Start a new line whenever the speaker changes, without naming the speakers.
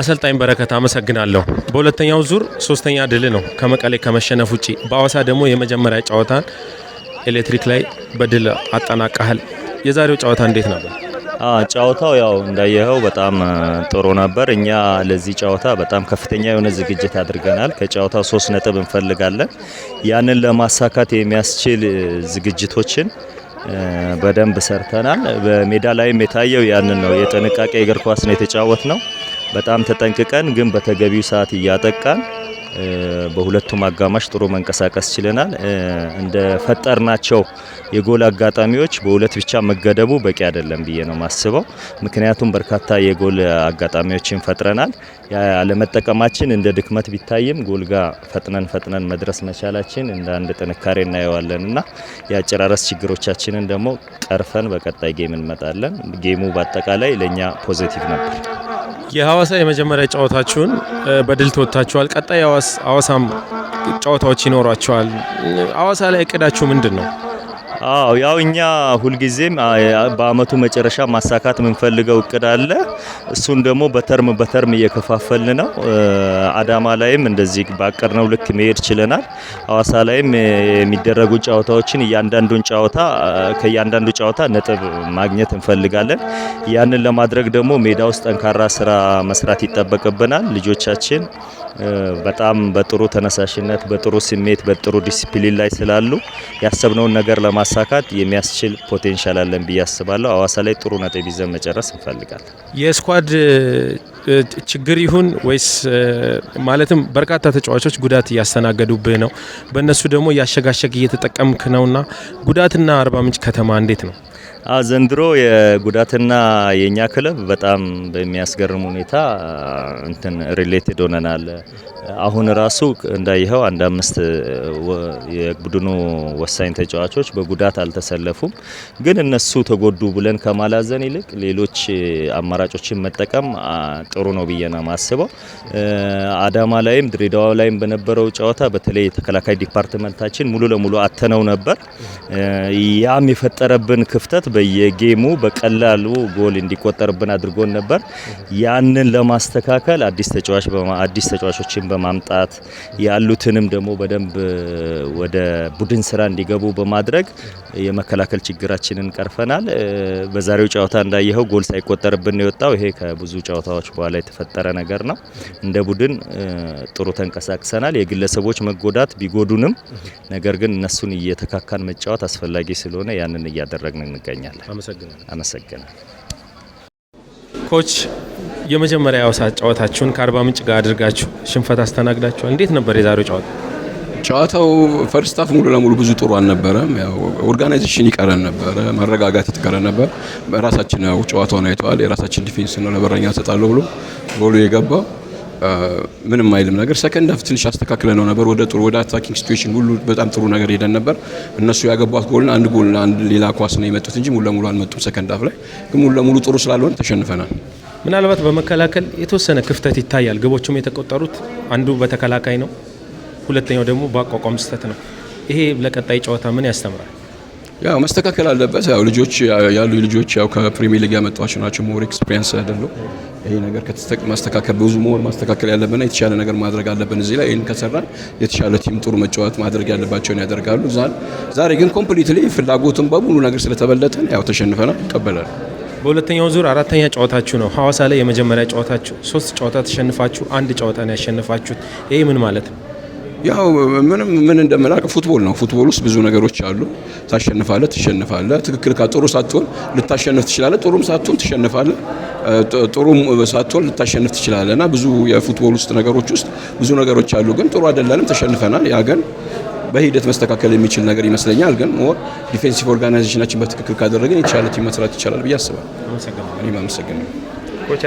አሰልጣኝ በረከት አመሰግናለሁ። በሁለተኛው ዙር ሶስተኛ ድል ነው ከመቀሌ ከመሸነፍ ውጪ። በአዋሳ ደግሞ የመጀመሪያ ጨዋታን ኤሌክትሪክ ላይ በድል አጠናቀሃል። የዛሬው ጨዋታ እንዴት ነበር?
ጨዋታው ያው እንዳየኸው በጣም ጥሩ ነበር። እኛ ለዚህ ጨዋታ በጣም ከፍተኛ የሆነ ዝግጅት አድርገናል። ከጨዋታው ሶስት ነጥብ እንፈልጋለን። ያንን ለማሳካት የሚያስችል ዝግጅቶችን በደንብ ሰርተናል። በሜዳ ላይም የታየው ያንን ነው። የጥንቃቄ እግር ኳስ ነው የተጫወት ነው። በጣም ተጠንቅቀን ግን በተገቢው ሰዓት እያጠቃን በሁለቱም አጋማሽ ጥሩ መንቀሳቀስ ችለናል። እንደ ፈጠርናቸው የጎል አጋጣሚዎች በሁለት ብቻ መገደቡ በቂ አይደለም ብዬ ነው ማስበው። ምክንያቱም በርካታ የጎል አጋጣሚዎችን ፈጥረናል። አለመጠቀማችን እንደ ድክመት ቢታይም ጎል ጋር ፈጥነን ፈጥነን መድረስ መቻላችን እንደ አንድ ጥንካሬ እናየዋለን እና የአጨራረስ ችግሮቻችንን ደግሞ ቀርፈን በቀጣይ ጌም እንመጣለን። ጌሙ በአጠቃላይ ለእኛ ፖዚቲቭ ነበር።
የሐዋሳ የመጀመሪያ ጨዋታችሁን በድል ተወጥታችኋል። ቀጣይ አዋሳም ጨዋታዎች ይኖሯቸዋል። አዋሳ ላይ እቅዳችሁ ምንድን ነው?
አዎ ያው እኛ ሁልጊዜም በአመቱ መጨረሻ ማሳካት የምንፈልገው እቅድ አለ። እሱን ደግሞ በተርም በተርም እየከፋፈልን ነው። አዳማ ላይም እንደዚህ ባቀድነው ልክ መሄድ ችለናል። ሀዋሳ ላይም የሚደረጉ ጨዋታዎችን እያንዳንዱን ጨዋታ ከእያንዳንዱ ጨዋታ ነጥብ ማግኘት እንፈልጋለን። ያንን ለማድረግ ደግሞ ሜዳ ውስጥ ጠንካራ ስራ መስራት ይጠበቅብናል ልጆቻችን በጣም በጥሩ ተነሳሽነት በጥሩ ስሜት በጥሩ ዲሲፕሊን ላይ ስላሉ ያሰብነውን ነገር ለማሳካት የሚያስችል ፖቴንሻል አለን ብዬ አስባለሁ። አዋሳ ላይ ጥሩ ነጥብ ይዘን መጨረስ እንፈልጋለን።
የስኳድ ችግር ይሁን ወይስ ማለትም በርካታ ተጫዋቾች ጉዳት እያስተናገዱብህ ነው፣ በእነሱ ደግሞ ያሸጋሸግ እየተጠቀምክ ነውና ጉዳትና አርባ ምንጭ ከተማ እንዴት ነው?
ዘንድሮ የጉዳትና የእኛ ክለብ በጣም በሚያስገርም ሁኔታ እንትን ሪሌትድ ሆነናል። አሁን ራሱ እንዳይኸው አንድ አምስት የቡድኑ ወሳኝ ተጫዋቾች በጉዳት አልተሰለፉም። ግን እነሱ ተጎዱ ብለን ከማላዘን ይልቅ ሌሎች አማራጮችን መጠቀም ጥሩ ነው ብዬ ነው አዳማ ላይም ድሬዳዋ ላይም በነበረው ጨዋታ በተለይ የተከላካይ ዲፓርትመንታችን ሙሉ ለሙሉ አተነው ነበር። ያም የፈጠረብን ክፍት ክፍተት በየጌሙ በቀላሉ ጎል እንዲቆጠርብን አድርጎን ነበር። ያንን ለማስተካከል አዲስ ተጫዋች አዲስ ተጫዋቾችን በማምጣት ያሉትንም ደግሞ በደንብ ወደ ቡድን ስራ እንዲገቡ በማድረግ የመከላከል ችግራችንን ቀርፈናል። በዛሬው ጨዋታ እንዳየኸው ጎል ሳይቆጠርብን ነው የወጣው። ይሄ ከብዙ ጨዋታዎች በኋላ የተፈጠረ ነገር ነው። እንደ ቡድን ጥሩ ተንቀሳቅሰናል። የግለሰቦች መጎዳት ቢጎዱንም ነገር ግን እነሱን እየተካካን መጫወት አስፈላጊ ስለሆነ ያንን እያደረግን እንገኛለን። አመሰግናለሁ።
ኮች የመጀመሪያ ሰዓት ጨዋታችሁን ከአርባ ምንጭ ጋር አድርጋችሁ ሽንፈት አስተናግዳችኋል። እንዴት ነበር የዛሬው ጨዋታ?
ጨዋታው ፈርስት ሙሉ ለሙሉ ብዙ ጥሩ አልነበረም። ያው ኦርጋናይዜሽን ይቀረን ነበረ፣ መረጋጋት ይቀረን ነበር። ራሳችን ያው ጨዋታውን አይተዋል። የራሳችን ዲፌንስ ነው ለበረኛ ተጣለው ብሎ ጎሉ የገባው ምንም አይልም ነገር። ሰከንድ ሀፍ ትንሽ አስተካክለ ነው ነበር ወደ ጥሩ ወደ አታኪንግ ሲቹዌሽን ሁሉ በጣም ጥሩ ነገር ሄደን ነበር። እነሱ ያገቧት ጎል አንድ ጎል አንድ ሌላ ኳስ ነው የመጡት እንጂ ሙሉ ለሙሉ አልመጡም። ሰከንድ ሀፍ ላይ ግን ሙሉ ለሙሉ ጥሩ ስላልሆነ ተሸንፈናል።
ምናልባት በመከላከል የተወሰነ ክፍተት ይታያል። ግቦቹም የተቆጠሩት አንዱ በተከላካይ ነው፣ ሁለተኛው ደግሞ በአቋቋም ስህተት ነው። ይሄ ለቀጣይ ጨዋታ ምን ያስተምራል?
ያው መስተካከል አለበት። ያው ልጆች ያሉ ልጆች ያው ከፕሪሚየር ሊግ ያመጧቸው ናቸው። ሞር ኤክስፒሪየንስ አይደሉ። ይሄ ነገር ማስተካከል ብዙ ሞር ማስተካከል ያለብን የተሻለ ነገር ማድረግ አለብን። እዚህ ላይ ይሄን ከሰራን የተሻለ ቲም ጥሩ መጫወት ማድረግ ያለባቸውን ያደርጋሉ። ዛሬ ግን ኮምፕሊትሊ ፍላጎቱን በሙሉ ነገር ስለተበለጠን ያው ተሸንፈናል ይቀበላል።
በሁለተኛው ዙር አራተኛ ጨዋታችሁ ነው ሐዋሳ ላይ የመጀመሪያ ጨዋታችሁ። ሶስት ጨዋታ ተሸንፋችሁ አንድ ጨዋታ ነው ያሸንፋችሁት። ይሄ ምን ማለት ነው?
ያው ምንም ምን እንደምላቅ ፉትቦል ነው። ፉትቦል ውስጥ ብዙ ነገሮች አሉ። ታሸንፋለ ትሸንፋለህ። ትክክል ጥሩ ሳትሆን ልታሸንፍ ትችላለህ፣ ጥሩም ሳትሆን ትሸንፋለህ፣ ጥሩም ሳትሆን ልታሸንፍ ትችላለህ። እና ብዙ የፉትቦል ውስጥ ነገሮች ውስጥ ብዙ ነገሮች አሉ። ግን ጥሩ አይደለንም፣ ተሸንፈናል። ያ ግን በሂደት መስተካከል የሚችል ነገር ይመስለኛል። ግን ሞር ዲፌንሲቭ ኦርጋናይዜሽናችን በትክክል ካደረግን የተሻለ ቲም መስራት ይቻላል ብዬ አስባለሁ። አመሰግናለሁ።